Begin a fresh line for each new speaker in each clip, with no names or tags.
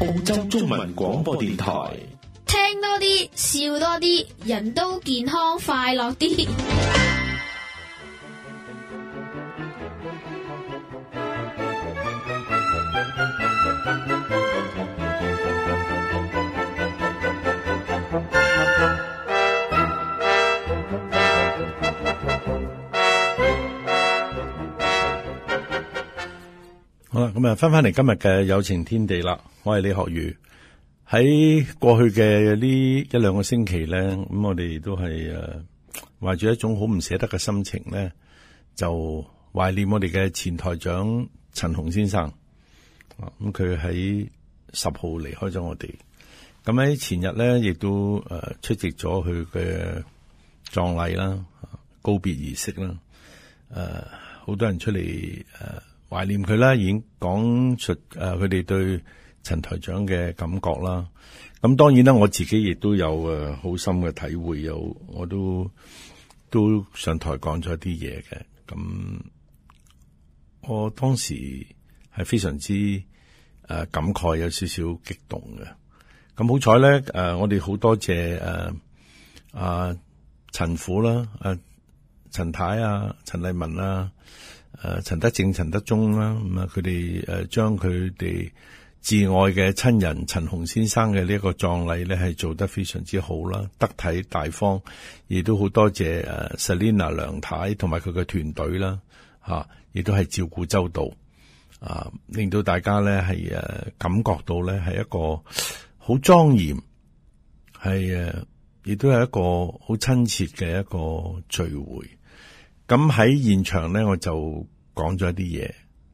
澳洲中文廣播電台，
聽多啲，笑多啲，人都健康快樂啲。
咁啊，翻翻嚟今日嘅有情天地啦！我係李學儒，喺過去嘅呢一兩個星期咧，咁我哋都係誒，懷住一種好唔捨得嘅心情咧，就懷念我哋嘅前台長陳雄先生。咁佢喺十號離開咗我哋，咁喺前日咧，亦都誒出席咗佢嘅葬禮啦、告別儀式啦。誒，好多人出嚟誒。懷念佢啦，已經講出誒，佢哋對陳台長嘅感覺啦。咁當然啦，我自己亦都有誒，好深嘅體會，有我都都上台講咗啲嘢嘅。咁我當時係非常之誒、呃、感慨，有少少激動嘅。咁好彩咧，誒、呃，我哋好多謝誒陳虎啦，陳陳、呃、太啊，陳、呃、麗文啊。呃誒，陳、呃、德正、陳德忠啦，咁、嗯、啊，佢哋誒將佢哋至愛嘅親人陳雄先生嘅呢一個葬禮咧，係做得非常之好啦，得體大方，亦都好多謝誒、啊、Selina 梁太同埋佢嘅團隊啦，吓，亦、啊、都係照顧周到，啊，令到大家咧係誒感覺到咧係一個好莊嚴，係誒，亦、啊、都係一個好親切嘅一個聚會。咁喺現場咧，我就講咗一啲嘢，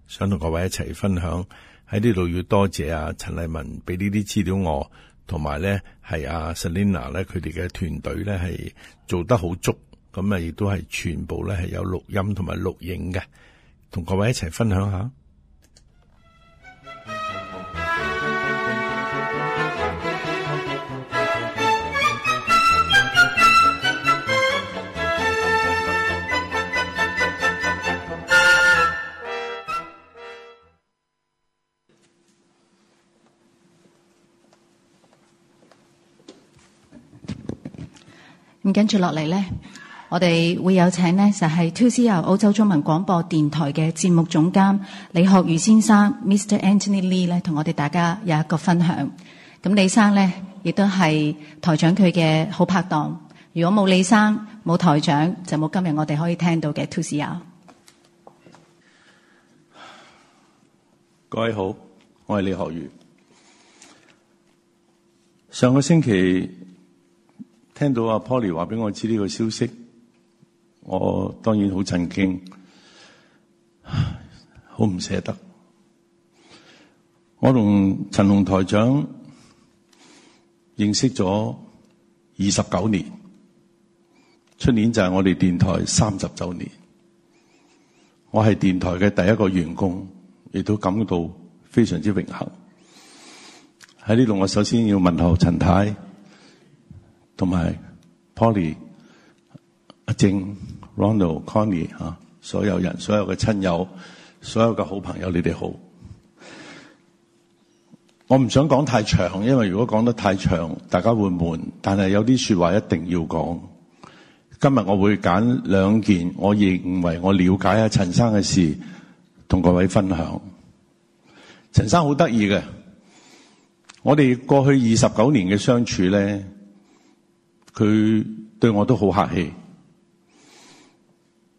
想同各位一齊分享。喺呢度要多謝啊陳麗文俾呢啲資料我，同埋咧係啊 Selina 咧佢哋嘅團隊咧係做得好足，咁啊亦都係全部咧係有錄音同埋錄影嘅，同各位一齊分享下。
咁跟住落嚟咧，我哋會有請咧就係 2CR 澳洲中文廣播電台嘅節目總監李學儒先生，Mr. Anthony Lee 咧，同我哋大家有一個分享。咁李生咧亦都係台長佢嘅好拍檔。如果冇李生，冇台長，就冇今日我哋可以聽到嘅 2CR。各位
好，我係李學儒。上個星期。聽到阿 Polly 話俾我知呢個消息，我當然好震驚，好唔捨得。我同陳雄台長認識咗二十九年，出年就係我哋電台三十周年。我係電台嘅第一個員工，亦都感到非常之榮幸。喺呢度，我首先要問候陳太。同埋 Polly、阿正、Ronald、Connie、啊、所有人、所有嘅親友、所有嘅好朋友，你哋好。我唔想講太長，因為如果講得太長，大家會悶。但係有啲說話一定要講。今日我會揀兩件，我認為我了解阿陳生嘅事，同各位分享。陳生好得意嘅，我哋過去二十九年嘅相處咧。佢對我都好客氣。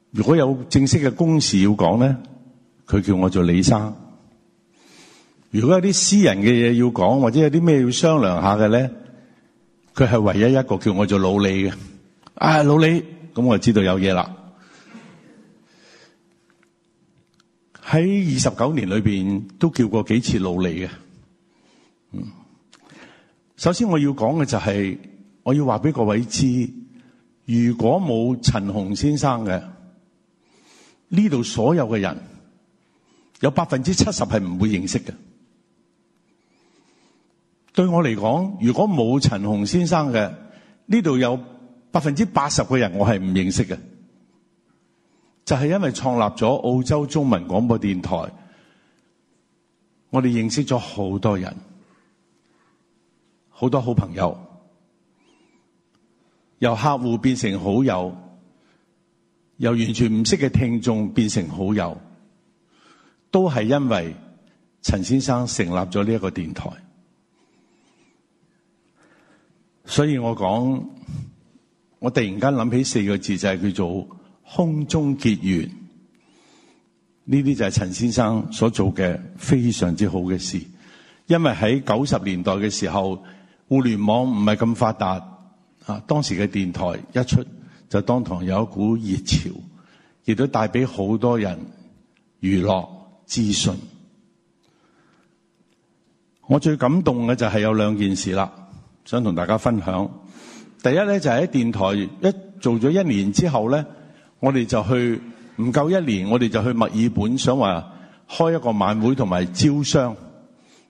如果有正式嘅公事要講咧，佢叫我做李生；如果有啲私人嘅嘢要講，或者有啲咩要商量下嘅咧，佢係唯一一個叫我做老李嘅。啊，老李，咁我就知道有嘢啦。喺二十九年裏面都叫過幾次老李嘅。嗯，首先我要講嘅就係、是。我要話俾各位知，如果冇陳雄先生嘅，呢度所有嘅人，有百分之七十係唔會認識嘅。對我嚟講，如果冇陳雄先生嘅，呢度有百分之八十嘅人，我係唔認識嘅。就係因為創立咗澳洲中文廣播電台，我哋認識咗好多人，好多好朋友。由客戶變成好友，由完全唔識嘅聽眾變成好友，都係因為陳先生成立咗呢個電台。所以我講，我突然間諗起四個字，就係叫做空中結緣。呢啲就係陳先生所做嘅非常之好嘅事，因為喺九十年代嘅時候，互聯網唔係咁發達。啊！當時嘅電台一出，就當堂有一股熱潮，亦都帶俾好多人娛樂資訊。我最感動嘅就係有兩件事啦，想同大家分享。第一咧就係、是、喺電台一做咗一年之後咧，我哋就去唔夠一年，我哋就去墨爾本想話開一個晚會同埋招商，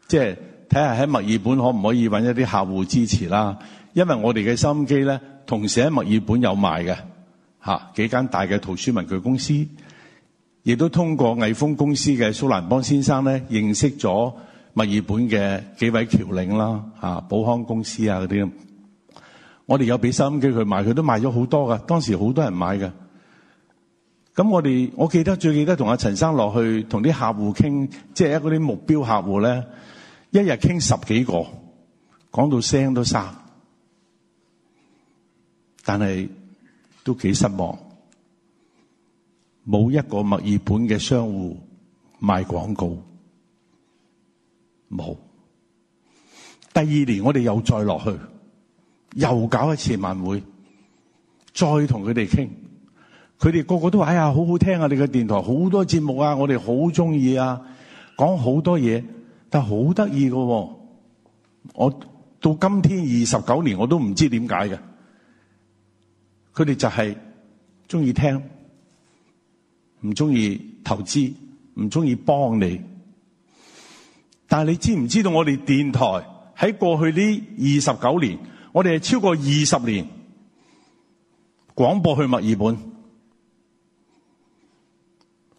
即係睇下喺墨爾本可唔可以揾一啲客戶支持啦。因為我哋嘅收音機咧，同時喺墨爾本有賣嘅幾間大嘅圖書文具公司，亦都通過毅豐公司嘅蘇蘭邦先生咧，認識咗墨爾本嘅幾位僑領啦、啊、保康公司啊嗰啲。我哋有俾收音機去賣，佢都賣咗好多噶。當時好多人買嘅。咁我哋我記得最記得同阿陳生落去同啲客戶傾，即係一嗰啲目標客戶咧，一日傾十幾個，講到聲都沙，但係都幾失望，冇一個墨爾本嘅商戶賣廣告，冇。第二年我哋又再落去，又搞一次晚會，再同佢哋傾，佢哋個個都話：哎呀，好好聽啊！你嘅電台好多節目啊，我哋好中意啊，講好多嘢，但好得意喎。我到今天二十九年，我都唔知點解嘅。佢哋就係中意聽，唔中意投資，唔中意幫你。但係你知唔知道？我哋電台喺過去呢二十九年，我哋係超過二十年廣播去墨爾本，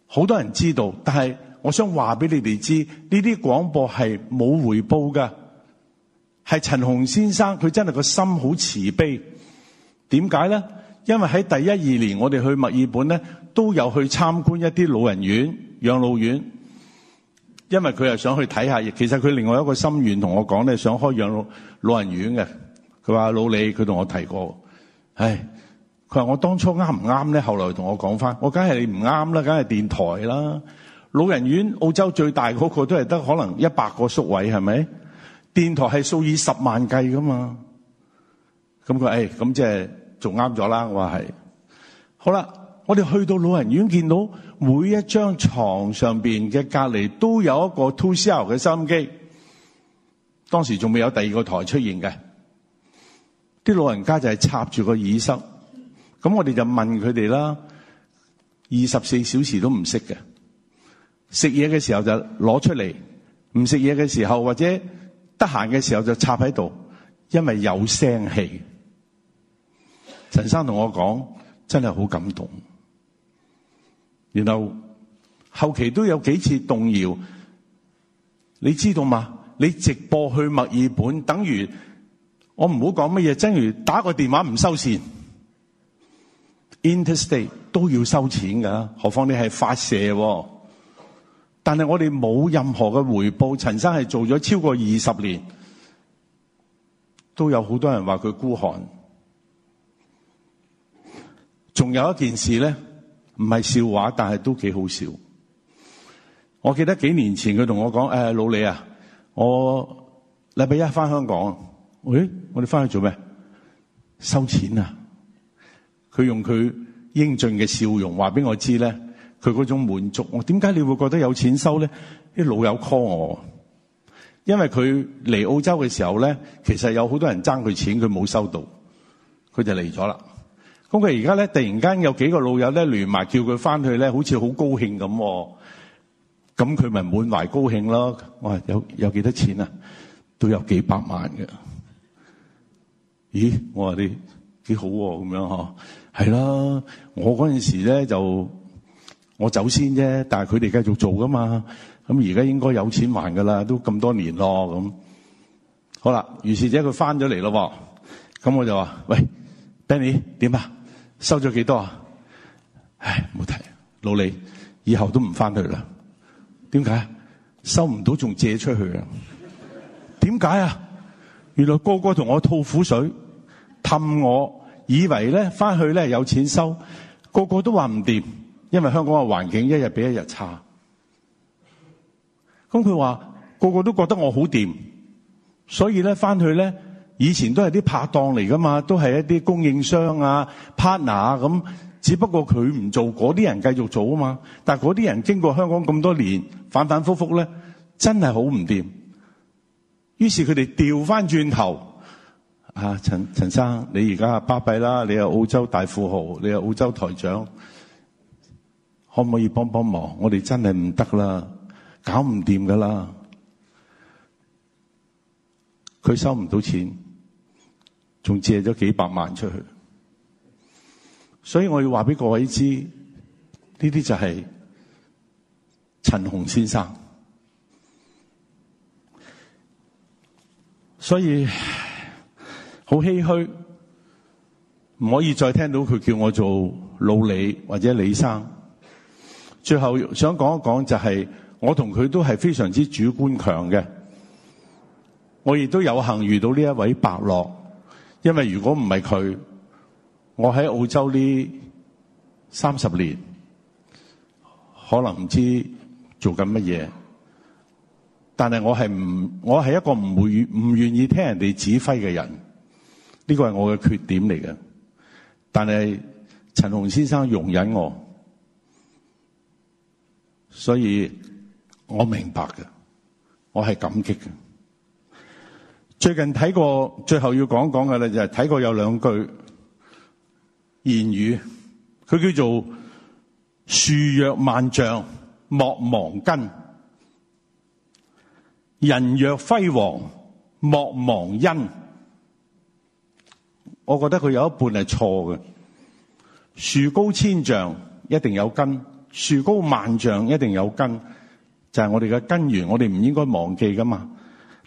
好多人知道。但係我想話俾你哋知，呢啲廣播係冇回報噶。係陳雄先生，佢真係個心好慈悲。點解咧？因為喺第一二年，我哋去墨爾本咧，都有去參觀一啲老人院、養老院。因為佢又想去睇下，亦其實佢另外一個心願同我講咧，想開養老老人院嘅。佢話老李，佢同我提過。唉，佢話我當初啱唔啱咧？後來同我講翻，我梗係你唔啱啦，梗係電台啦。老人院澳洲最大嗰個都係得可能一百個宿位，係咪？電台係數以十萬計噶嘛。咁佢，誒，咁即係。仲啱咗啦，我話係好啦。我哋去到老人院，見到每一張床上邊嘅隔籬都有一個 2CR 嘅收音機。當時仲未有第二個台出現嘅，啲老人家就係插住個耳塞。咁我哋就問佢哋啦，二十四小時都唔識嘅。食嘢嘅時候就攞出嚟，唔食嘢嘅時候或者得閒嘅時候就插喺度，因為有聲氣。陳生同我講，真係好感動。然後後期都有幾次動搖，你知道嗎？你直播去墨爾本，等於我唔好講乜嘢，正如打個電話唔收線。Interstate 都要收錢噶，何況你係發射喎。但係我哋冇任何嘅回報。陳生係做咗超過二十年，都有好多人話佢孤寒。仲有一件事咧，唔係笑話，但係都幾好笑。我記得幾年前佢同我講：誒、哎、老李啊，我禮拜一翻香港，喂、哎、我哋翻去做咩？收錢啊！佢用佢英俊嘅笑容話俾我知咧，佢嗰種滿足。我點解你會覺得有錢收咧？啲老友 call 我，因為佢嚟澳洲嘅時候咧，其實有好多人爭佢錢，佢冇收到，佢就嚟咗啦。咁佢而家咧，突然間有幾個老友咧聯埋叫佢翻去咧，好似好高興咁、哦。咁佢咪滿懷高興咯。我話有有幾多錢啊？都有幾百萬嘅。咦？我話你幾好喎、啊？咁樣呵，係啦。我嗰陣時咧就我先走先啫，但係佢哋繼續做噶嘛。咁而家應該有錢還噶啦，都咁多年咯。咁好啦，如是者佢翻咗嚟咯。咁我就話：喂，Danny 點啊？Benny, 收咗幾多啊？唉，冇提，老李，以後都唔翻去啦。點解？收唔到仲借出去啊？點解啊？原來個個同我吐苦水，氹我，以為咧翻去咧有錢收，個個都話唔掂，因為香港嘅環境一日比一日差。咁佢話個個都覺得我好掂，所以咧翻去咧。以前都係啲拍檔嚟噶嘛，都係一啲供應商啊、partner 咁、啊。只不過佢唔做，嗰啲人繼續做啊嘛。但係嗰啲人經過香港咁多年反反覆覆咧，真係好唔掂。於是佢哋調翻轉頭，啊，陳陳生，你而家啊，巴閉啦，你係澳洲大富豪，你係澳洲台長，可唔可以幫幫忙？我哋真係唔得啦，搞唔掂噶啦，佢收唔到錢。仲借咗幾百萬出去，所以我要話俾各位知，呢啲就係陳雄先生。所以好唏噓，唔可以再聽到佢叫我做老李或者李生。最後想講一講就係、是，我同佢都係非常之主觀強嘅。我亦都有幸遇到呢一位伯樂。因為如果唔係佢，我喺澳洲呢三十年可能唔知做緊乜嘢，但係我係，唔，我係一個唔會唔願意聽人哋指揮嘅人，呢、這個、係我嘅缺點嚟嘅。但係陳雄先生容忍我，所以我明白嘅，我係感激嘅。最近睇過，最後要講講嘅呢就係睇過有兩句言語，佢叫做樹若萬丈莫忘根，人若輝煌莫忘恩。我覺得佢有一半係錯嘅。樹高千丈一定有根，樹高萬丈一定有根，就係我哋嘅根源，我哋唔應該忘記㗎嘛。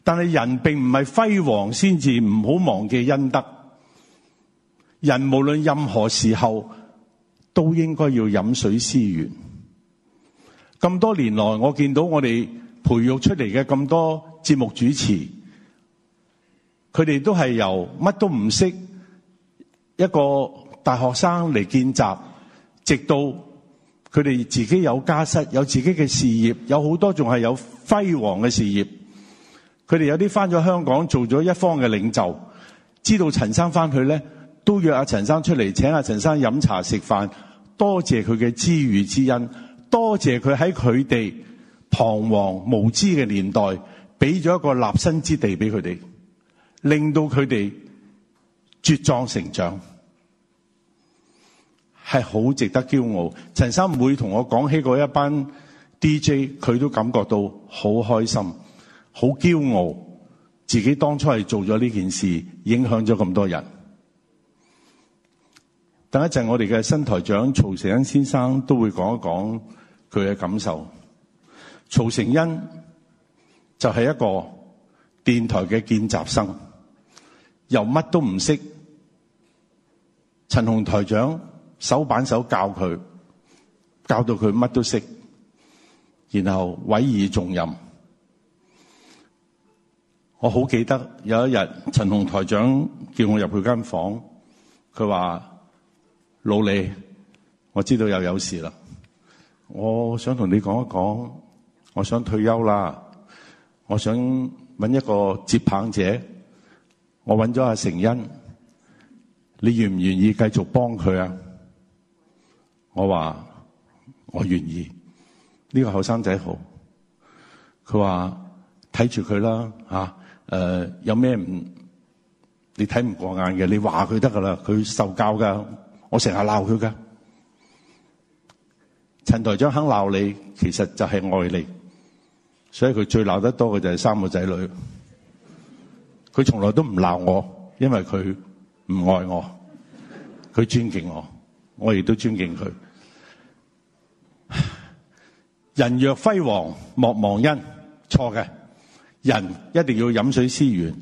但係人並唔係輝煌先至唔好忘記恩德，人無論任何時候都應該要飲水思源。咁多年來，我見到我哋培育出嚟嘅咁多節目主持，佢哋都係由乜都唔識一個大學生嚟見習，直到佢哋自己有家室、有自己嘅事業，有好多仲係有輝煌嘅事業。佢哋有啲翻咗香港做咗一方嘅領袖，知道陳生翻去咧，都約阿陳生出嚟請阿陳生飲茶食飯，多謝佢嘅知遇之恩，多謝佢喺佢哋彷徨無知嘅年代，俾咗一個立身之地俾佢哋，令到佢哋茁壯成長，係好值得驕傲。陳生每同我講起嗰一班 DJ，佢都感覺到好開心。好驕傲，自己當初係做咗呢件事，影響咗咁多人。等一陣，我哋嘅新台長曹承恩先生都會講一講佢嘅感受。曹承恩就係一個電台嘅見習生，又乜都唔識，陳雄台長手板手教佢，教到佢乜都識，然後委以重任。我好記得有一日，陳雄台長叫我入佢間房間，佢話，老李，我知道又有事啦。我想同你講一講，我想退休啦，我想搵一個接棒者，我搵咗阿承恩，你願唔願意繼續幫佢啊？我話我願意。呢、這個後生仔好，佢話睇住佢啦，吓。啊誒，有咩唔你睇唔過眼嘅？你話佢得噶啦，佢受教噶。我成日鬧佢噶。陳台長肯鬧你，其實就係愛你。所以佢最鬧得多嘅就係三個仔女。佢從來都唔鬧我，因為佢唔愛我。佢尊敬我，我亦都尊敬佢。人若輝煌，莫忘恩。錯嘅。人一定要飲水思源，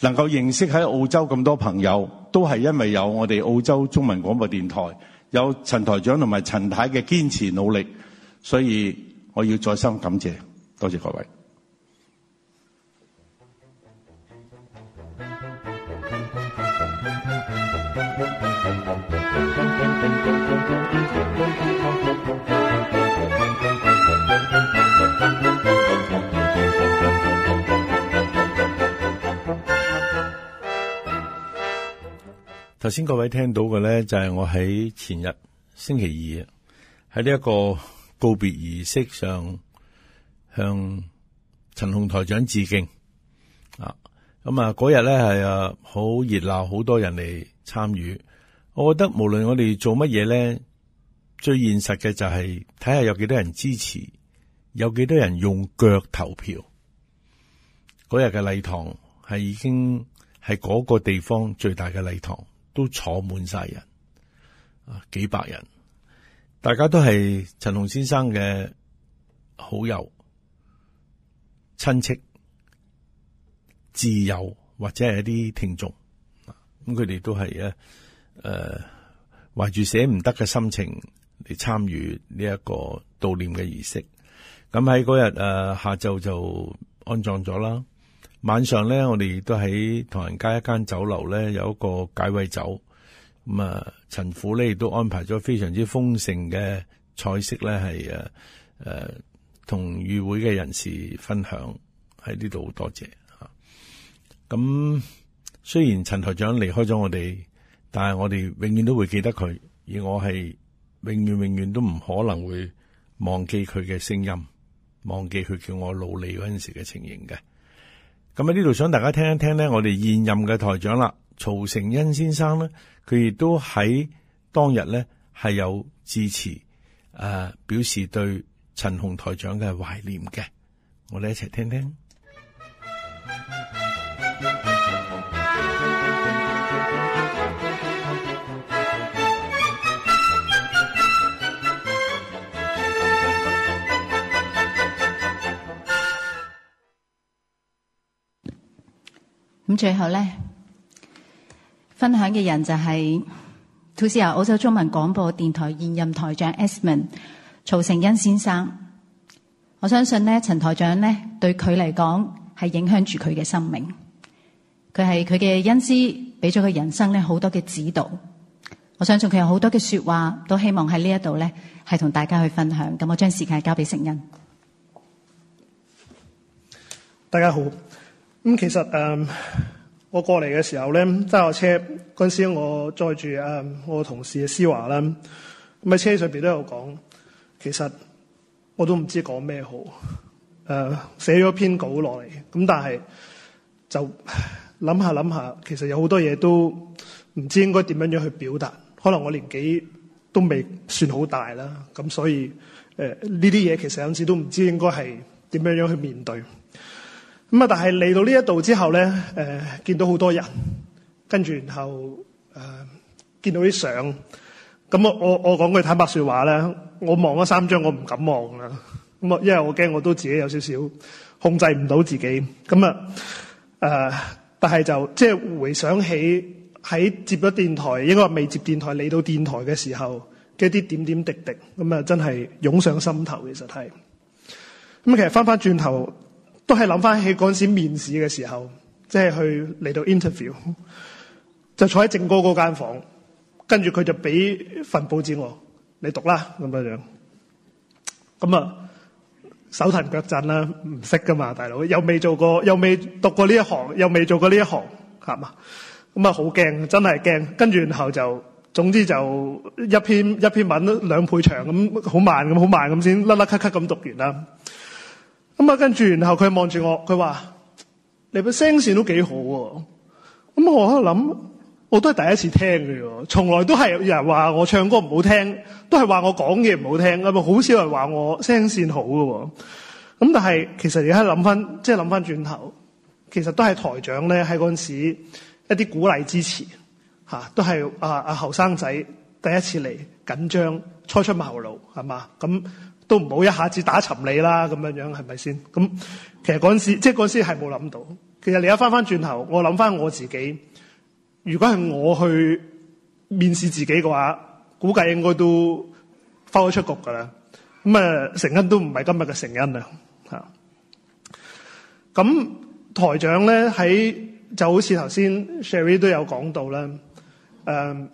能夠認識在澳洲咁多朋友，都係因為有我哋澳洲中文廣播電台有陳台長同埋陳太嘅堅持努力，所以我要再三感謝，多謝各位。頭先各位聽到嘅咧，就係我喺前日星期二喺呢一個告別儀式上向陳雄台長致敬啊！咁啊，嗰日咧係啊好熱鬧，好多人嚟參與。我覺得無論我哋做乜嘢咧，最現實嘅就係睇下有幾多人支持，有幾多人用腳投票。嗰日嘅禮堂係已經係嗰個地方最大嘅禮堂。都坐滿晒人，啊，幾百人，大家都係陳雄先生嘅好友、親戚、摯友或者係一啲聽眾，咁佢哋都係咧，誒、呃，懷住捨唔得嘅心情嚟參與呢一個悼念嘅儀式。咁喺嗰日誒下晝就安葬咗啦。晚上咧，我哋亦都喺唐人街一間酒樓咧，有一個解穢酒咁啊。陳府呢亦都安排咗非常之豐盛嘅菜式咧，係誒誒同與會嘅人士分享喺呢度。多謝吓。咁雖然陳台長離開咗我哋，但係我哋永遠都會記得佢，而我係永遠永遠都唔可能會忘記佢嘅聲音，忘記佢叫我努力嗰陣時嘅情形嘅。咁喺呢度想大家聽一聽咧，我哋現任嘅台長啦，曹承恩先生咧，佢亦都喺當日咧係有致辭，誒，表示對陳雄台長嘅懷念嘅，我哋一齊聽聽。
咁最後呢，分享嘅人就是 2CR，澳洲中文廣播電台現任台長 Esmond 曹承恩先生。我相信咧，陳台長咧對佢嚟講是影響住佢嘅生命。佢係佢嘅恩師，俾咗佢人生咧好多嘅指導。我相信佢有好多嘅說話，都希望喺呢一度咧係同大家去分享。咁我將時間交俾承恩。大家好。咁其實誒，我過嚟嘅時候咧，揸我車嗰陣時，我載住誒我同事嘅思華啦。咁喺車上邊都有講，其實我都唔知講咩好。誒，寫咗篇稿落嚟，咁但係就諗下諗下，其實有好多嘢都唔知應該點樣樣去表達。可能我年紀都未算好大啦，咁所以誒呢啲嘢其實有陣時都唔知應該係點樣樣去面對。咁啊！但係嚟到呢一度之後咧，誒、呃、見到好多人，跟住然後誒、呃、見到啲相，咁我我我講句坦白說話咧，我望咗三張我唔敢望啦。咁啊，因為我驚我都自己有少少控制唔到自己。咁啊、呃、但係就即係回想起喺接咗電台，應該話未接電台嚟到電台嘅時候嘅一啲點點滴滴，咁啊真係湧上心頭。其實係咁其實翻翻轉頭。都係諗翻起嗰陣時面試嘅時候，即係去嚟到 interview，就坐喺正哥嗰間房，跟住佢就俾份報紙我，你讀啦咁樣樣。咁啊手騰腳震啦，唔識噶嘛大佬，又未做過，又未讀過呢一行，又未做過呢一行，係嘛？咁啊好驚，真係驚。跟住然後就，總之就一篇一篇文兩倍長咁，好慢咁，好慢咁先，甩甩咳咳咁讀完啦。咁啊，跟住然後佢望住我，佢話：你嘅聲線都幾好喎。咁我喺度諗，我都係第一次聽嘅喎，從來都係有人話我唱歌唔好聽，都係話我講嘢唔好聽，咁啊好少人話我聲線好嘅喎。咁但係其實而家諗翻，即係諗翻轉頭，其實都係台長咧喺嗰陣時一啲鼓勵支持吓，都係啊啊後生仔第一次嚟緊張，初出茅廬係嘛咁。都唔好一下子打沉你啦，咁樣樣係咪先？咁其實嗰陣時，即係嗰陣時係冇諗到。其實你一翻翻轉頭，我諗翻我自己，如果係我去面試自己嘅話，估計應該都翻咗出局噶啦。咁啊，承恩都唔係今日嘅承恩啦。吓，咁台長咧喺就好似頭先 Sherry 都有講到啦，誒、嗯，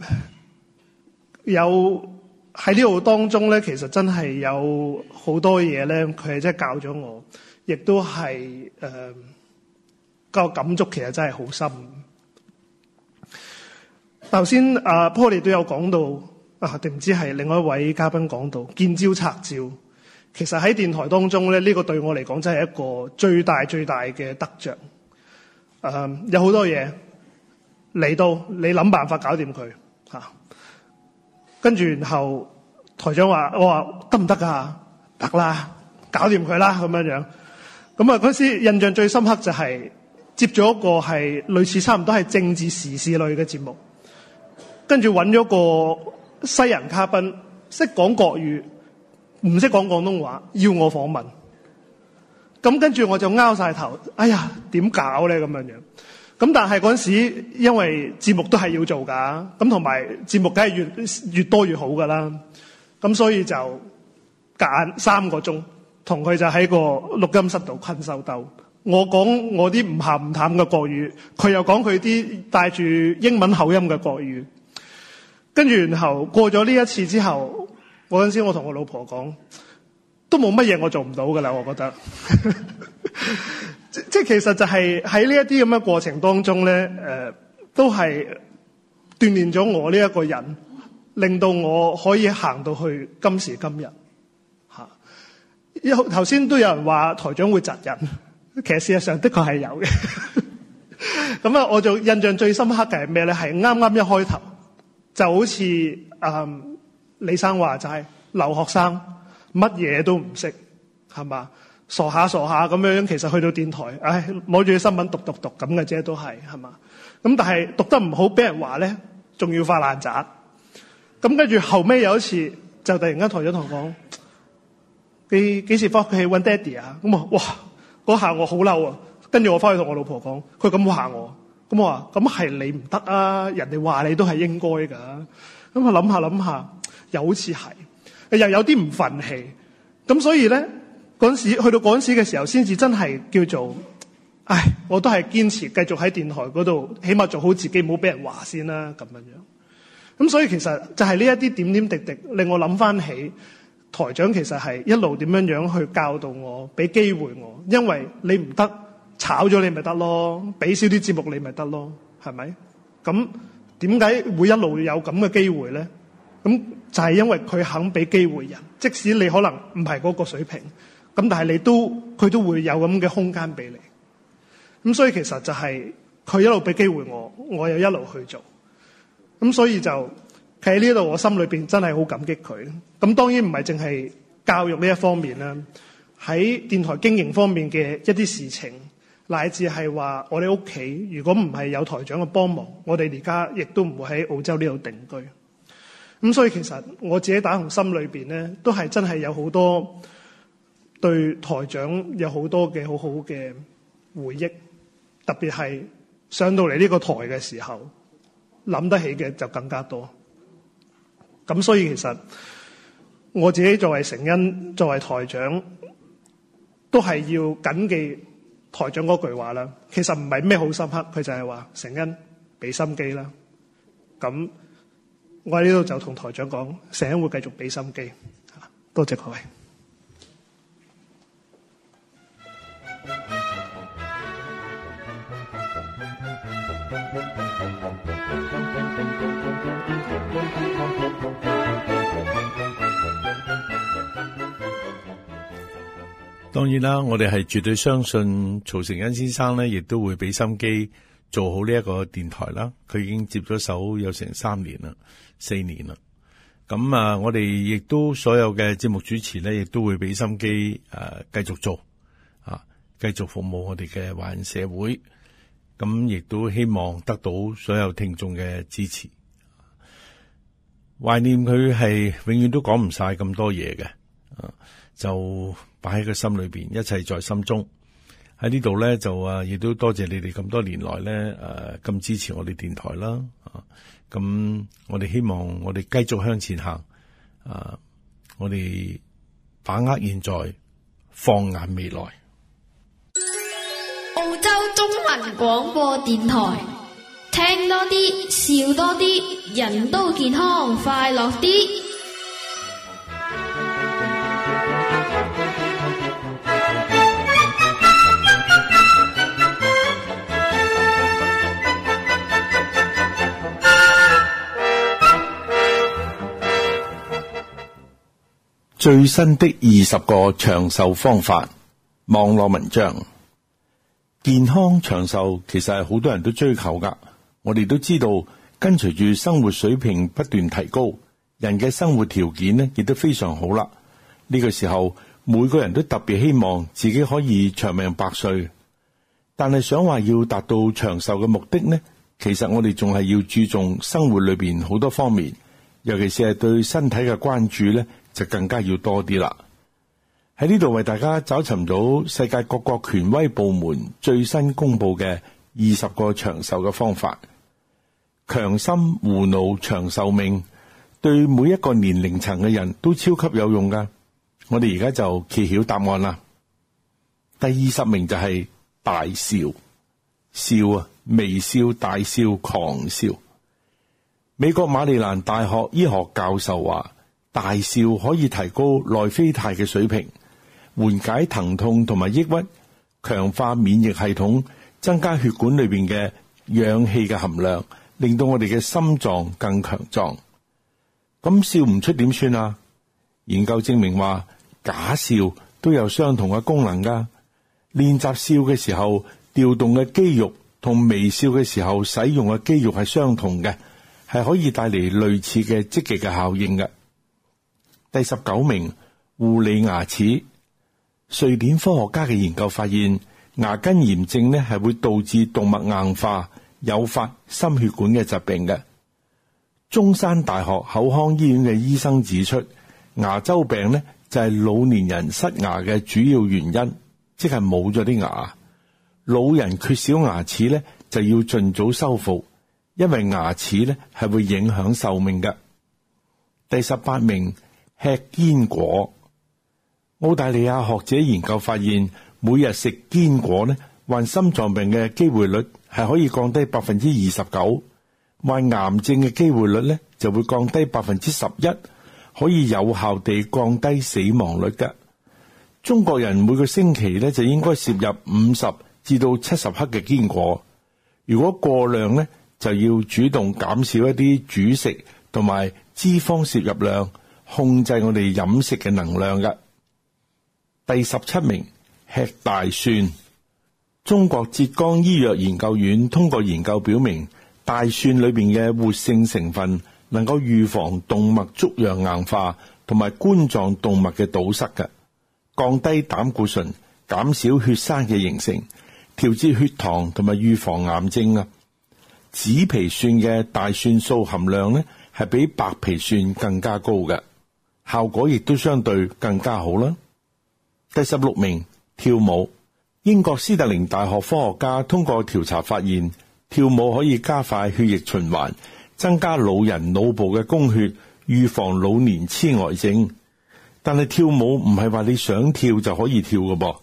有。喺呢度當中咧，其實真係有好多嘢咧，佢係真係教咗我，亦都係誒、呃個感觸其實真係好深。頭先啊，Polly 都有講到啊，定唔知係另外一位嘉賓講到見招拆招。其實喺電台當中咧，呢、呢個對我嚟講真係一個最大最大嘅得着。誒、呃，有好多嘢嚟到，你諗辦法搞掂佢嚇。跟住然後台長話：我話得唔得啊？得啦，搞掂佢啦咁樣樣。咁啊嗰時印象最深刻就係接咗一個係類似差唔多係政治時事類嘅節目，跟住搵咗個西人嘉賓，識講國語，唔識講廣東話，要我訪問。咁跟住我就拗晒頭，哎呀點搞咧咁樣樣。咁但係嗰陣時，因為節目都係要做㗎，咁同埋節目梗係越越多越好㗎啦。咁所以就隔硬三個鐘，同佢就喺個錄音室度困獸鬥。我講我啲唔鹹唔淡嘅國語，佢又講佢啲帶住英文口音嘅國語。跟住然後過咗呢一次之後，嗰陣時我同我老婆講，都冇乜嘢我做唔到㗎啦，我覺得。 即係其實就係喺呢一啲咁嘅過程當中咧，誒、呃，都係鍛煉咗我呢一個人，令到我可以行到去今時今日吓。有頭先都有人話台長會責人，其實事實上的確係有嘅。咁 啊、嗯，我就印象最深刻嘅係咩咧？係啱啱一開頭就好似誒、嗯，李生話就係留學生乜嘢都唔識，係嘛？傻下傻下咁樣，其實去到電台，唉、哎，攞住啲新聞讀讀讀咁嘅啫，都係係嘛。咁但係讀得唔好，俾人話咧，仲要發爛渣。咁跟住後尾有一次，就突然間抬咗頭講：你幾時返屋企揾爹哋啊？咁啊，哇！嗰下我好嬲啊。跟住我翻去同我老婆講，佢咁話我，咁我話：咁係你唔得啊，人哋話你都係應該㗎。咁我諗下諗下，又好似係，又有啲唔憤氣。咁所以咧。嗰陣時去到嗰陣時嘅時候，先至真係叫做，唉，我都係堅持繼續喺電台嗰度，起碼做好自己，唔好俾人話先啦、啊、咁樣樣。咁所以其實就係呢一啲點點滴滴，令我諗翻起台長其實係一路點樣樣去教導我，俾機會我。因為你唔得炒咗你咪得咯，俾少啲節目你咪得咯，係咪？咁點解會一路有咁嘅機會咧？咁就係因為佢肯俾機會人，即使你可能唔係嗰個水平。咁但係你都佢都會有咁嘅空間俾你，咁所以其實就係佢一路俾機會我，我又一路去做，咁所以就喺呢度我心裏面真係好感激佢。咁當然唔係淨係教育呢一方面啦，喺電台經營方面嘅一啲事情，乃至係話我哋屋企如果唔係有台長嘅幫忙，我哋而家亦都唔會喺澳洲呢度定居。咁所以其實我自己打從心裏面咧，都係真係有好多。對台長有好多嘅好好嘅回憶，特別係上到嚟呢個台嘅時候，諗得起嘅就更加多。咁所以其實我自己作為成恩，作為台長，都係要謹記台長嗰句話啦。其實唔係咩好深刻，佢就係話成恩俾心機啦。咁我喺呢度就同台長講，成恩會繼續俾心機。多謝各位。
當然啦，我哋係絕對相信曹承恩先生呢，亦都會俾心機做好呢一個電台啦。佢已經接咗手有成三年啦，四年啦。咁啊，我哋亦都所有嘅節目主持呢，亦都會俾心機誒，繼續做啊，繼續服務我哋嘅華人社會。咁亦都希望得到所有聽眾嘅支持。懷念佢係永遠都講唔晒咁多嘢嘅，啊，就擺喺個心裏邊，一切在心中。喺呢度咧，就啊，亦都多謝你哋咁多年來咧，誒、啊、咁支持我哋電台啦，啊，咁我哋希望我哋繼續向前行，啊，我哋把握現在，放眼未來。
廣播電台，聽多啲，笑多啲，人都健康快樂啲。
最
新的二十個長壽方法，網絡文章。健康長壽其實係好多人都追求噶，我哋都知道跟隨住生活水平不斷提高，人嘅生活條件呢亦都非常好啦。呢個時候，每個人都特別希望自己可以長命百歲，但係想話要達到長壽嘅目的呢，其實我哋仲係要注重生活裏邊好多方面，尤其是係對身體嘅關注呢，就更加要多啲啦。喺呢度為大家找尋到世界各國權威部門最新公布嘅二十個長壽嘅方法強，強心護腦長壽命，對每一個年齡層嘅人都超級有用噶。我哋而家就揭曉答案啦。第二十名就係大笑，笑啊，微笑、大笑、狂笑。美國馬里蘭大學醫學教授話，大笑可以提高內啡肽嘅水平。緩解疼痛同埋抑鬱，強化免疫系統，增加血管裏邊嘅氧氣嘅含量，令到我哋嘅心臟更強壯。咁笑唔出點算啊？研究證明話假笑都有相同嘅功能噶。練習笑嘅時候，調動嘅肌肉同微笑嘅時候使用嘅肌肉係相同嘅，係可以帶嚟類似嘅積極嘅效應嘅。第十九名，護理牙齒。瑞典科學家嘅研究發現，牙根炎症呢係會導致動脈硬化，誘發心血管嘅疾病嘅。中山大學口腔醫院嘅醫生指出，牙周病呢就係老年人失牙嘅主要原因，即係冇咗啲牙。老人缺少牙齒呢，就要盡早修復，因為牙齒呢係會影響壽命嘅。第十八名，吃堅果。澳大利亞學者研究發現，每日食堅果呢，患心臟病嘅機會率係可以降低百分之二十九，患癌症嘅機會率呢就會降低百分之十一，可以有效地降低死亡率。噶中國人每個星期呢就應該攝入五十至到七十克嘅堅果。如果過量呢，就要主動減少一啲主食同埋脂肪攝入量，控制我哋飲食嘅能量噶。第十七名，吃大蒜。中國浙江醫藥研究院通過研究表明，大蒜裏邊嘅活性成分能夠預防動脈粥樣硬化同埋冠狀動脈嘅堵塞嘅，降低膽固醇，減少血栓嘅形成，調節血糖同埋預防癌症啊。紫皮蒜嘅大蒜素含量呢，係比白皮蒜更加高嘅，效果亦都相對更加好啦。第十六名，跳舞。英國斯特林大學科學家通過調查發現，跳舞可以加快血液循環，增加老人腦部嘅供血，預防老年痴呆症。但係跳舞唔係話你想跳就可以跳嘅噃，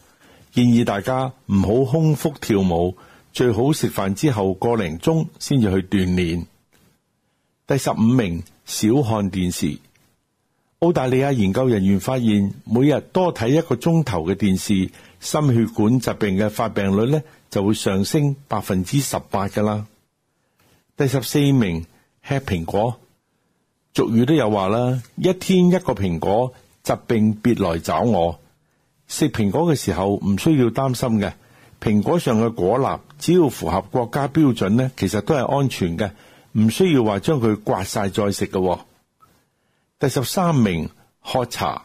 建議大家唔好空腹跳舞，最好食飯之後個零鐘先至去鍛煉。第十五名，少看電視。澳大利亞研究人員發現，每日多睇一個鐘頭嘅電視，心血管疾病嘅發病率呢，就會上升百分之十八噶啦。第十四名，吃蘋果。俗語都有話啦，一天一個蘋果，疾病別來找我。食蘋果嘅時候唔需要擔心嘅，蘋果上嘅果蠟只要符合國家標準呢，其實都係安全嘅，唔需要話將佢刮晒再食嘅。第十三名，喝茶。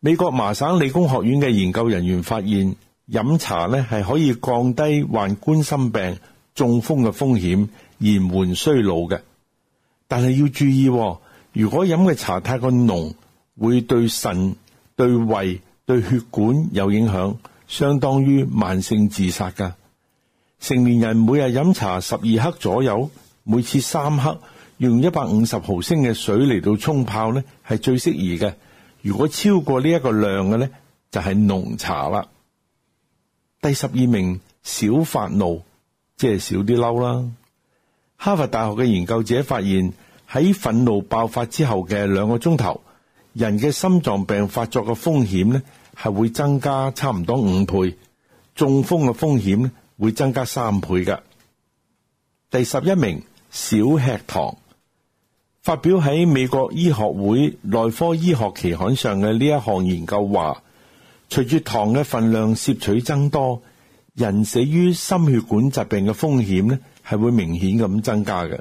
美國麻省理工學院嘅研究人員發現，飲茶咧，係可以降低患冠心病、中風嘅風險，延緩衰老嘅。但係要注意，如果飲嘅茶太過濃，會對腎、對胃、對血管有影響，相當於慢性自殺噶。成年人每日飲茶十二克左右，每次三克。用一百五十毫升嘅水嚟到沖泡呢係最適宜嘅。如果超過呢一個量嘅呢就係、是、濃茶啦。第十二名小發怒，即係少啲嬲啦。哈佛大學嘅研究者發現，喺憤怒爆發之後嘅兩個鐘頭，人嘅心臟病發作嘅風險呢係會增加差唔多五倍，中風嘅風險會增加三倍嘅。第十一名少吃糖。發表喺美國醫學會內科醫學期刊上嘅呢一項研究話，隨住糖嘅份量攝取增多，人死於心血管疾病嘅風險呢係會明顯咁增加嘅。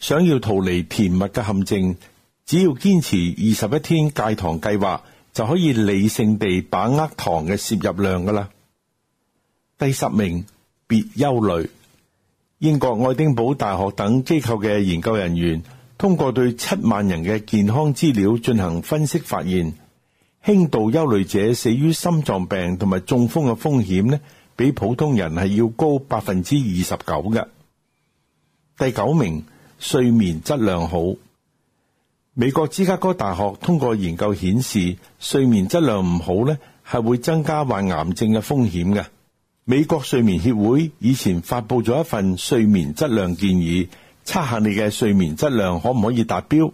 想要逃離甜蜜嘅陷阱，只要堅持二十一天戒糖計劃，就可以理性地把握糖嘅攝入量噶啦。第十名，別憂慮，英國愛丁堡大學等機構嘅研究人員。通過對七萬人嘅健康資料進行分析，發現輕度憂慮者死於心臟病同埋中風嘅風險咧，比普通人係要高百分之二十九嘅。第九名，睡眠質量好。美國芝加哥大學通過研究顯示，睡眠質量唔好咧，係會增加患癌症嘅風險嘅。美國睡眠協會以前發布咗一份睡眠質量建議。測下你嘅睡眠質量可唔可以達標？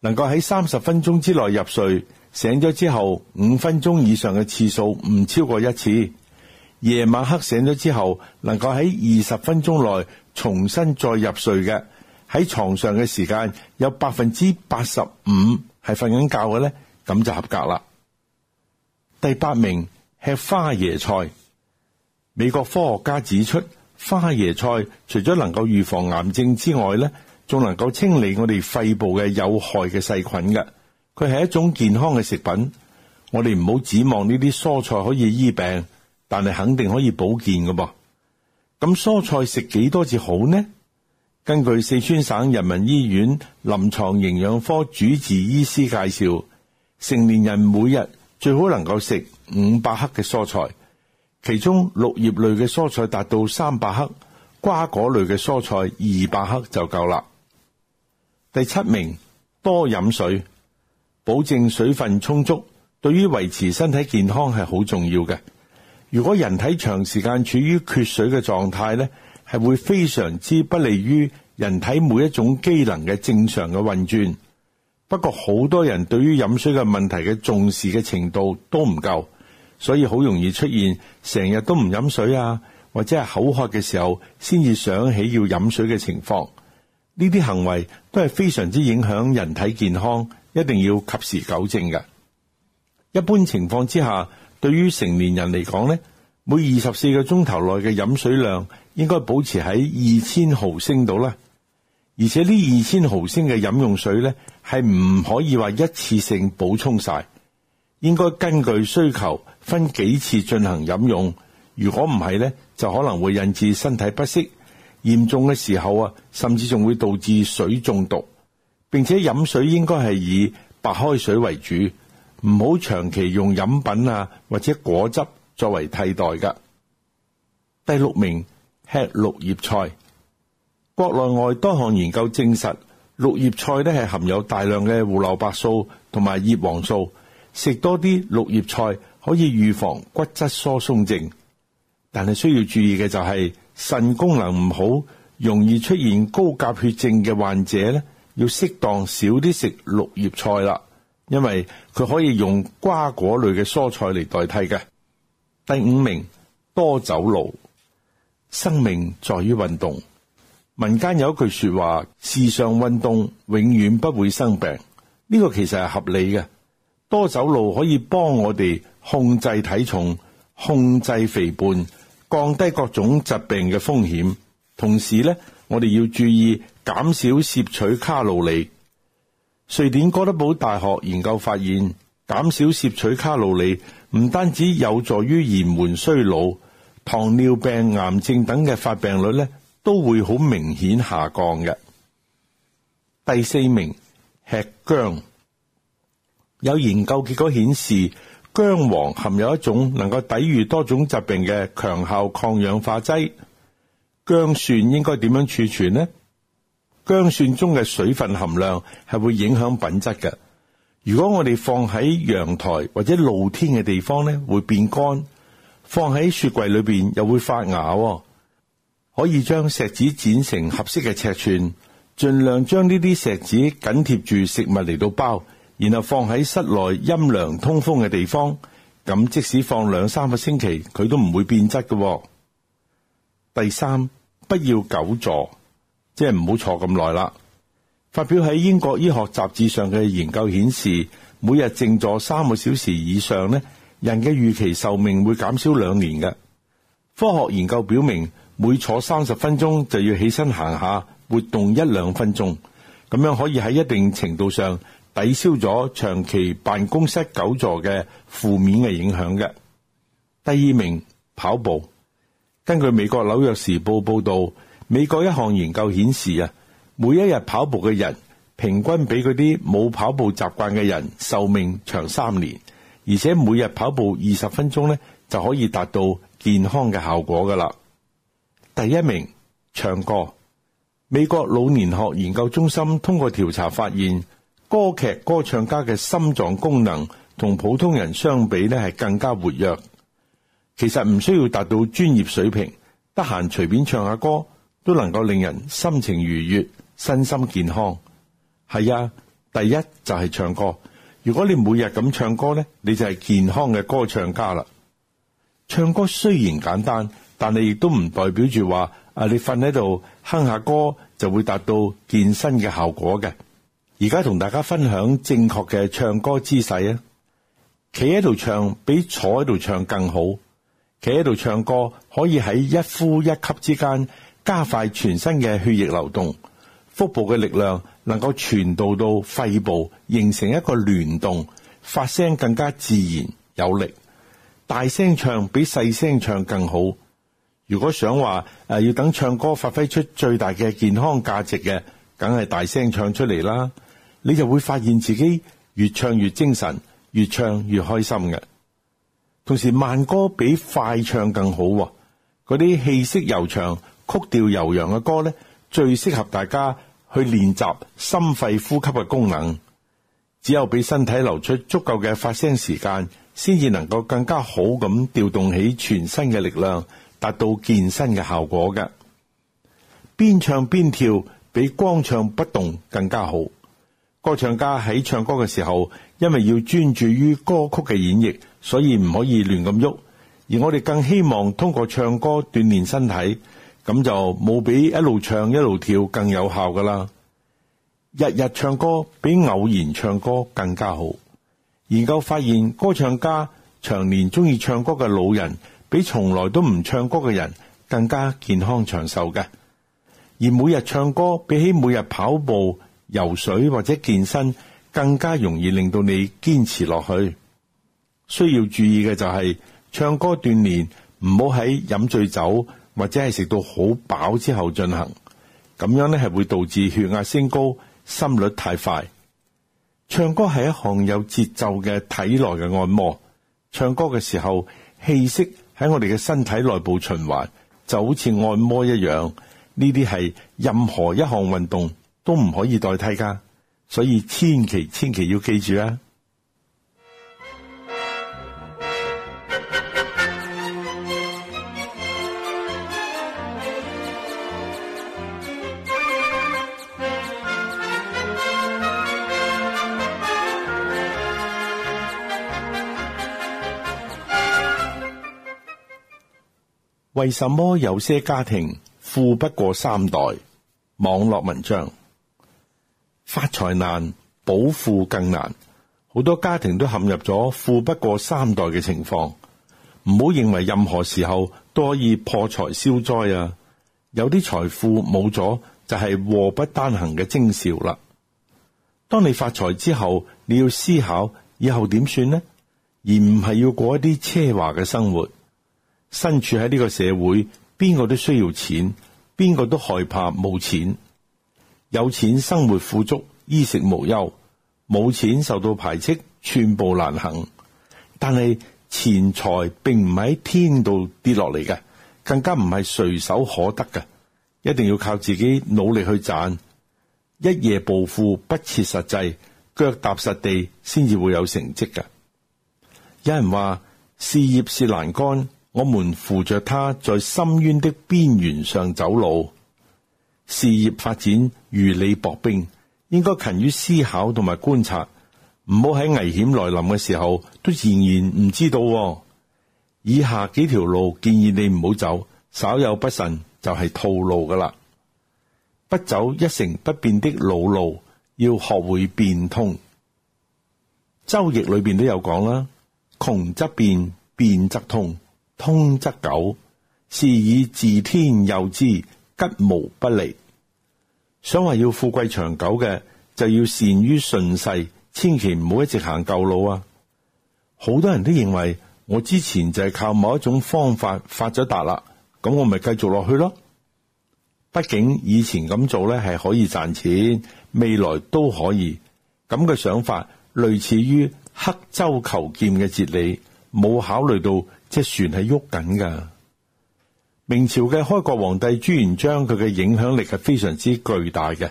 能夠喺三十分鐘之內入睡，醒咗之後五分鐘以上嘅次數唔超過一次。夜晚黑醒咗之後，能夠喺二十分鐘內重新再入睡嘅，喺床上嘅時間有百分之八十五係瞓緊覺嘅呢，咁就合格啦。第八名，吃花椰菜，美國科學家指出，花椰菜除咗能夠預防癌症之外呢，咧仲能夠清理我哋肺部嘅有害嘅細菌嘅，佢係一種健康嘅食品。我哋唔好指望呢啲蔬菜可以醫病，但係肯定可以保健嘅噃。咁蔬菜食幾多至好呢？根據四川省人民醫院臨床營養科主治醫師介紹，成年人每日最好能夠食五百克嘅蔬菜。其中綠葉類嘅蔬菜達到三百克，瓜果類嘅蔬菜二百克就夠啦。第七名多飲水，保證水分充足，對於維持身體健康係好重要嘅。如果人體長時間處於缺水嘅狀態呢，係會非常之不利於人體每一種機能嘅正常嘅運轉。不過好多人對於飲水嘅問題嘅重視嘅程度都唔夠。所以好容易出現成日都唔飲水啊，或者係口渴嘅時候先至想起要飲水嘅情況。呢啲行為都係非常之影響人體健康，一定要及時糾正嘅。一般情況之下，對於成年人嚟講呢，每二十四個鐘頭內嘅飲水量應該保持喺二千毫升度啦。而且呢，二千毫升嘅飲用水呢係唔可以話一次性補充晒。應該根據需求分幾次進行飲用。如果唔係呢，就可能會引致身體不適，嚴重嘅時候啊，甚至仲會導致水中毒，並且飲水應該係以白開水為主，唔好長期用飲品啊或者果汁作為替代的。噶，第六名吃綠葉菜，國內外多項研究證實，綠葉菜呢係含有大量嘅胡蘿卜素同埋葉黃素。食多啲綠葉菜可以預防骨質疏鬆症，但係需要注意嘅就係，腎功能唔好、容易出現高鉀血症嘅患者咧，要適當少啲食綠葉菜啦，因為佢可以用瓜果類嘅蔬菜嚟代替嘅。第五名，多走路，生命在於運動。民間有一句說話：時常運動，永遠不會生病。呢個其實係合理嘅。多走路可以幫我哋控制體重、控制肥胖、降低各種疾病嘅風險。同時咧，我哋要注意減少攝取卡路里。瑞典哥德堡大學研究發現，減少攝取卡路里唔單止有助於延緩衰老、糖尿病、癌症等嘅發病率咧，都會好明顯下降嘅。第四名，吃薑。有研究結果顯示，薑黃含有一種能夠抵禦多種疾病嘅強效抗氧化劑。薑蒜應該點樣儲存呢？薑蒜中嘅水分含量係會影響品質嘅。如果我哋放喺陽台或者露天嘅地方呢，會變乾；放喺雪櫃裏邊又會發芽，哦。可以將石子剪成合適嘅尺寸，盡量將呢啲石子緊貼住食物嚟到包。然後放喺室內陰涼通風嘅地方，咁即使放兩三個星期，佢都唔會變質嘅。第三，不要久坐，即係唔好坐咁耐啦。發表喺英國醫學雜誌上嘅研究顯示，每日靜坐三個小時以上呢，人嘅預期壽命會減少兩年嘅。科學研究表明，每坐三十分鐘就要起身行下，活動一兩分鐘，咁樣可以喺一定程度上。抵消咗長期辦公室久坐嘅負面嘅影響嘅。第二名跑步，根據美國紐約時報報道，美國一項研究顯示啊，每一日跑步嘅人平均比嗰啲冇跑步習慣嘅人壽命長三年，而且每日跑步二十分鐘呢，就可以達到健康嘅效果噶啦。第一名唱歌，美國老年學研究中心通過調查發現，歌劇歌唱家嘅心臟功能同普通人相比呢係更加活躍。其實唔需要達到專業水平，得閒隨便唱下歌都能夠令人心情愉悅、身心健康。係啊，第一就係唱歌。如果你每日咁唱歌呢，你就係健康嘅歌唱家啦。唱歌雖然簡單，但係亦都唔代表住話啊，你瞓喺度哼下歌就會達到健身嘅效果嘅。而家同大家分享正確嘅唱歌姿勢啊！企喺度唱比坐喺度唱更好。企喺度唱歌可以喺一呼一吸之間加快全身嘅血液流動，腹部嘅力量能夠傳導到肺部，形成一個聯動，發聲更加自然有力。大聲唱比細聲唱更好。如果想話誒、呃、要等唱歌發揮出最大嘅健康價值嘅，梗係大聲唱出嚟啦。你就會發現自己越唱越精神，越唱越開心嘅。同時，慢歌比快唱更好喎。嗰啲氣息悠長、曲調悠揚嘅歌呢，最適合大家去練習心肺呼吸嘅功能。只有俾身體留出足夠嘅發聲時間，先至能夠更加好咁調動起全身嘅力量，達到健身嘅效果嘅。邊唱邊跳比光唱不動更加好。歌唱家喺唱歌嘅時候，因為要專注於歌曲嘅演繹，所以唔可以亂咁喐。而我哋更希望通過唱歌鍛煉身體，咁就冇比一路唱一路跳更有效噶啦。日日唱歌比偶然唱歌更加好。研究發現，歌唱家長年中意唱歌嘅老人，比從來都唔唱歌嘅人更加健康長壽嘅。而每日唱歌比起每日跑步，游水、或者健身更加容易令到你堅持落去。需要注意嘅就係、是，唱歌鍛煉，唔好喺飲醉酒或者係食到好飽之後進行。咁樣咧係會導致血壓升高、心率太快。唱歌係一項有節奏嘅體內嘅按摩。唱歌嘅時候，氣息喺我哋嘅身體內部循環，就好似按摩一樣。呢啲係任何一項運動。都唔可以代替㗎，所以千祈千祈要記住啊。為什麼有些家庭，富不過三代？網絡文章。發財難，保富更難。好多家庭都陷入咗富不過三代嘅情況。唔好認為任何時候都可以破財消災啊！有啲財富冇咗就係禍不單行嘅徵兆啦。當你發財之後，你要思考以後點算呢？而唔係要過一啲奢華嘅生活。身處喺呢個社會，邊個都需要錢，邊個都害怕冇錢。有錢生活富足，衣食無憂；冇錢受到排斥，寸步難行。但係錢財並唔係喺天度跌落嚟嘅，更加唔係隨手可得嘅，一定要靠自己努力去賺。一夜暴富不切實際，腳踏實地先至會有成績嘅。有人話事業是欄杆，我們扶着它在深淵的邊緣上走路。事業發展如履薄冰，應該勤於思考同埋觀察，唔好喺危險來臨嘅時候都仍然唔知道、哦。以下幾條路建議你唔好走，稍有不慎就係、是、套路噶啦。不走一成不變的老路，路，要學會變通。周易裏邊都有講啦，窮則變，變則通，通則久，是以自天佑之。吉無不利，想話要富貴長久嘅，就要善於順勢，千祈唔好一直行舊路啊！好多人都認為我之前就係靠某一種方法發咗達啦，咁我咪繼續落去咯。畢竟以前咁做咧係可以賺錢，未來都可以。咁嘅想法類似於刻舟求劍嘅哲理，冇考慮到隻船係喐緊噶。明朝嘅開國皇帝朱元璋，佢嘅影響力係非常之巨大嘅。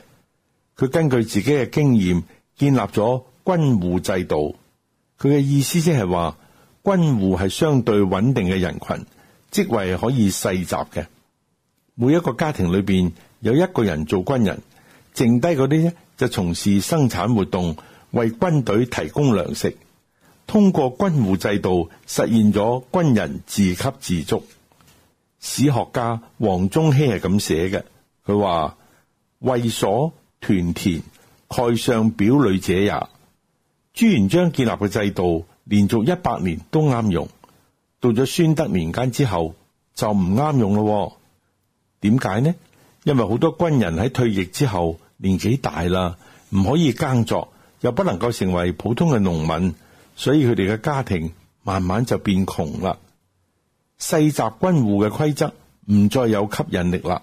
佢根據自己嘅經驗，建立咗軍戶制度。佢嘅意思即係話，軍戶係相對穩定嘅人群，職位可以世襲嘅。每一個家庭裏邊有一個人做軍人，剩低嗰啲呢，就從事生產活動，為軍隊提供糧食。通過軍戶制度，實現咗軍人自給自足。史學家黃宗羲係咁寫嘅，佢話為所屯田，蓋上表裏者也。朱元璋建立嘅制度，連續一百年都啱用，到咗宣德年間之後就唔啱用咯。點解呢？因為好多軍人喺退役之後年紀大啦，唔可以耕作，又不能夠成為普通嘅農民，所以佢哋嘅家庭慢慢就變窮啦。世襲軍戶嘅規則唔再有吸引力啦。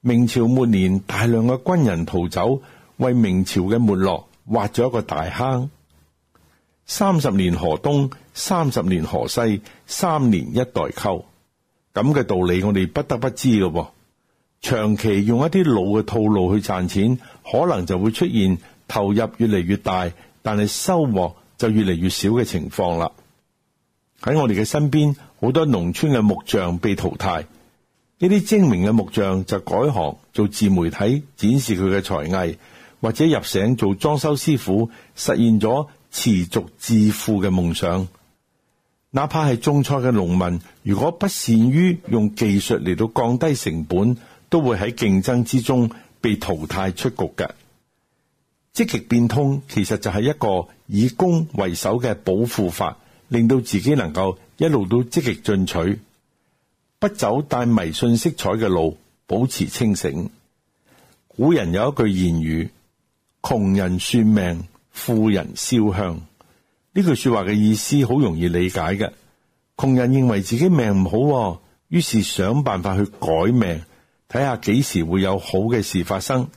明朝末年大量嘅軍人逃走，為明朝嘅沒落挖咗一個大坑。三十年河東，三十年河西，三年一代溝，咁嘅道理我哋不得不知咯。長期用一啲老嘅套路去賺錢，可能就會出現投入越嚟越大，但係收穫就越嚟越少嘅情況啦。喺我哋嘅身邊，好多農村嘅木匠被淘汰，呢啲精明嘅木匠就改行做自媒體，展示佢嘅才藝，或者入城做裝修師傅，實現咗持續致富嘅夢想。哪怕係種菜嘅農民，如果不善於用技術嚟到降低成本，都會喺競爭之中被淘汰出局嘅。積極變通，其實就係一個以攻為守嘅保護法。令到自己能夠一路都積極進取，不走帶迷信色彩嘅路，保持清醒。古人有一句諺語，窮人算命，富人燒香。呢句說話嘅意思好容易理解嘅。窮人認為自己命唔好，於是想辦法去改命，睇下幾時會有好嘅事發生。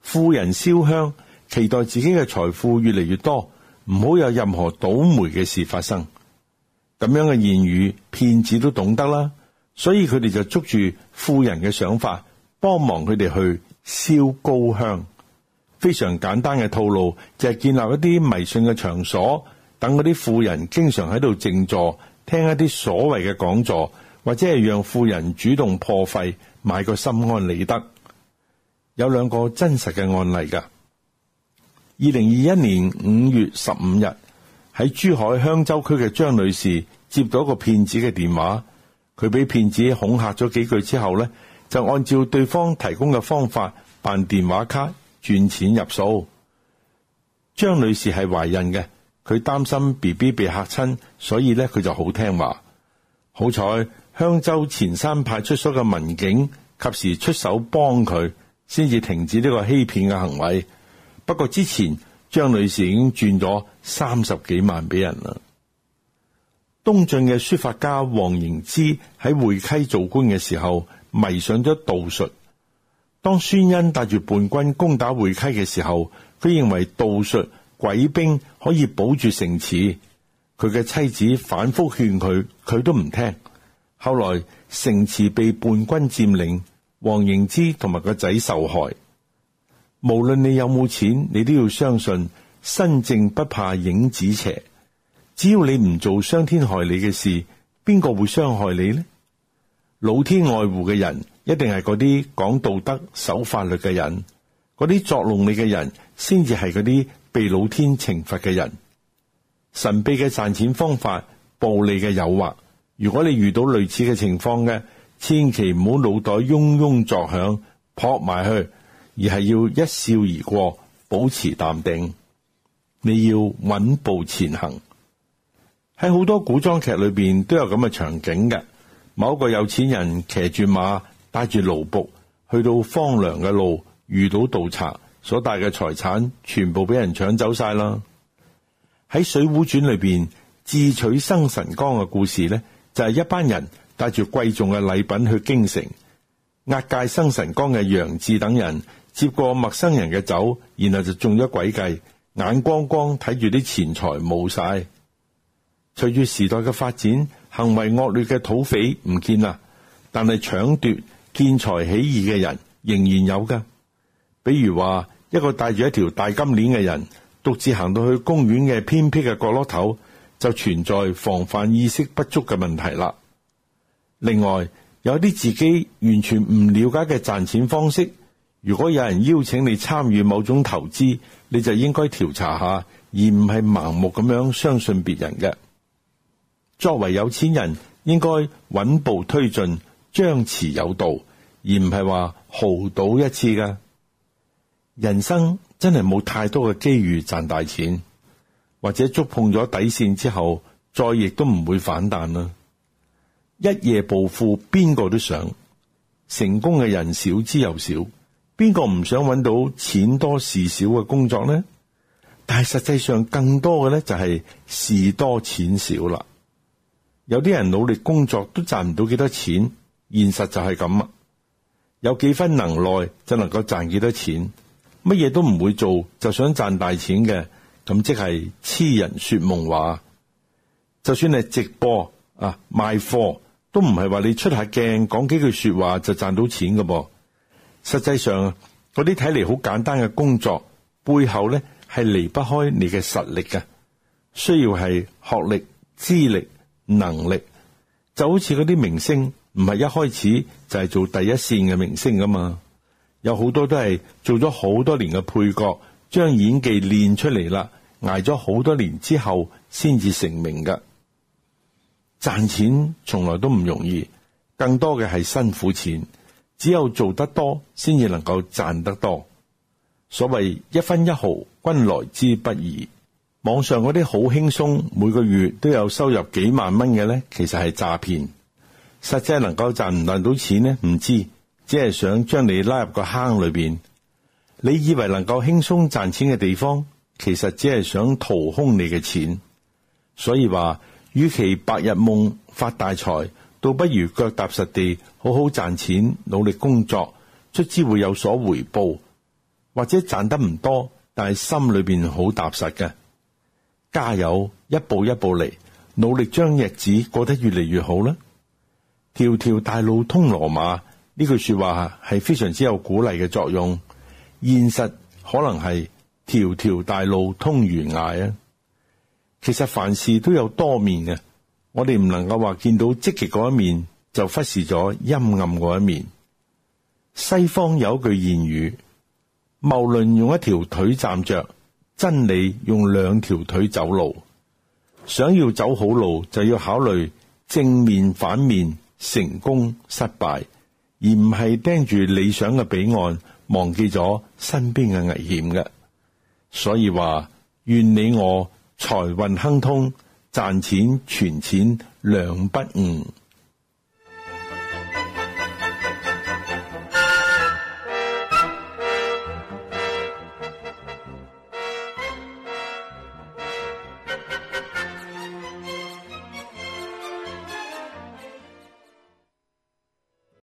富人燒香，期待自己嘅財富越嚟越多。唔好有任何倒霉嘅事發生，咁樣嘅言語騙子都懂得啦，所以佢哋就捉住富人嘅想法，幫忙佢哋去燒高香。非常簡單嘅套路就係、是、建立一啲迷信嘅場所，等嗰啲富人經常喺度靜坐，聽一啲所謂嘅講座，或者係讓富人主動破費買個心安理得。有兩個真實嘅案例㗎。二零二一年五月十五日，喺珠海香洲區嘅張女士接到一個騙子嘅電話，佢俾騙子恐嚇咗幾句之後呢就按照對方提供嘅方法辦電話卡，轉錢入數。張女士係懷孕嘅，佢擔心 BB 被嚇親，所以呢，佢就好聽話。好彩香洲前山派出所嘅民警及時出手幫佢，先至停止呢個欺騙嘅行為。不過之前張女士已經轉咗三十幾萬俾人啦。東晉嘅書法家王凝之喺會稽做官嘅時候迷上咗道術。當孫恩帶住叛軍攻打會稽嘅時候，佢認為道術鬼兵可以保住城池。佢嘅妻子反覆勸佢，佢都唔聽。後來城池被叛軍佔領，王凝之同埋個仔受害。無論你有冇錢，你都要相信身正不怕影子斜。只要你唔做傷天害理嘅事，邊個會傷害你呢？老天愛護嘅人，一定係嗰啲講道德、守法律嘅人。嗰啲作弄你嘅人，先至係嗰啲被老天懲罰嘅人。神秘嘅賺錢方法、暴利嘅誘惑，如果你遇到類似嘅情況嘅，千祈唔好腦袋嗡嗡作響，撲埋去。而係要一笑而過，保持淡定。你要穩步前行。喺好多古裝劇裏邊都有咁嘅場景嘅。某個有錢人騎住馬，帶住奴僕去到荒涼嘅路，遇到盜賊，所帶嘅財產全部俾人搶走晒啦。喺《水滸傳》裏邊，智取生辰綱嘅故事呢，就係、是、一班人帶住貴重嘅禮品去京城，押解生辰綱嘅楊志等人。接過陌生人嘅酒，然後就中咗詭計，眼光光睇住啲錢財冇晒。隨住時代嘅發展，行為惡劣嘅土匪唔見啦，但係搶奪見財起意嘅人仍然有噶。比如話一個帶住一條大金鏈嘅人，獨自行到去公園嘅偏僻嘅角落頭，就存在防範意識不足嘅問題啦。另外，有啲自己完全唔了解嘅賺錢方式。如果有人邀請你參與某種投資，你就應該調查下，而唔係盲目咁樣相信別人嘅。作為有錢人，應該穩步推進，張弛有道，而唔係話豪賭一次嘅。人生真係冇太多嘅機遇賺大錢，或者觸碰咗底線之後，再亦都唔會反彈啦。一夜暴富，邊個都想，成功嘅人少之又少。邊個唔想揾到錢多事少嘅工作呢？但係實際上更多嘅咧就係事多錢少啦。有啲人努力工作都賺唔到幾多錢，現實就係咁啊。有幾分能耐就能夠賺幾多錢，乜嘢都唔會做就想賺大錢嘅，咁即係痴人說夢話。就算係直播啊賣貨，都唔係話你出下鏡講幾句說話就賺到錢㗎噃。實際上，嗰啲睇嚟好簡單嘅工作，背後咧係離不開你嘅實力嘅，需要係學歷、資歷、能力。就好似嗰啲明星，唔係一開始就係做第一線嘅明星㗎嘛，有好多都係做咗好多年嘅配角，將演技練出嚟啦，捱咗好多年之後先至成名㗎。賺錢從來都唔容易，更多嘅係辛苦錢。只有做得多，先至能夠賺得多。所謂一分一毫均來之不易。網上嗰啲好輕鬆，每個月都有收入幾萬蚊嘅呢，其實係詐騙。實際能夠賺唔賺到錢呢？唔知。只係想將你拉入個坑裏邊。你以為能夠輕鬆賺錢嘅地方，其實只係想掏空你嘅錢。所以話，與其白日夢發大財，倒不如腳踏實地，好好賺錢，努力工作，卒之會有所回報，或者賺得唔多，但係心裏邊好踏實嘅。加油，一步一步嚟，努力將日子過得越嚟越好啦！條條大路通羅馬，呢句說話係非常之有鼓勵嘅作用。現實可能係條條大路通懸崖啊！其實凡事都有多面嘅。我哋唔能夠話見到積極嗰一面，就忽視咗陰暗嗰一面。西方有句諺語：謬論用一條腿站着，真理用兩條腿走路。想要走好路，就要考慮正面、反面、成功、失敗，而唔係盯住理想嘅彼岸，忘記咗身邊嘅危險嘅。所以話，願你我財運亨通。賺錢存錢兩不誤。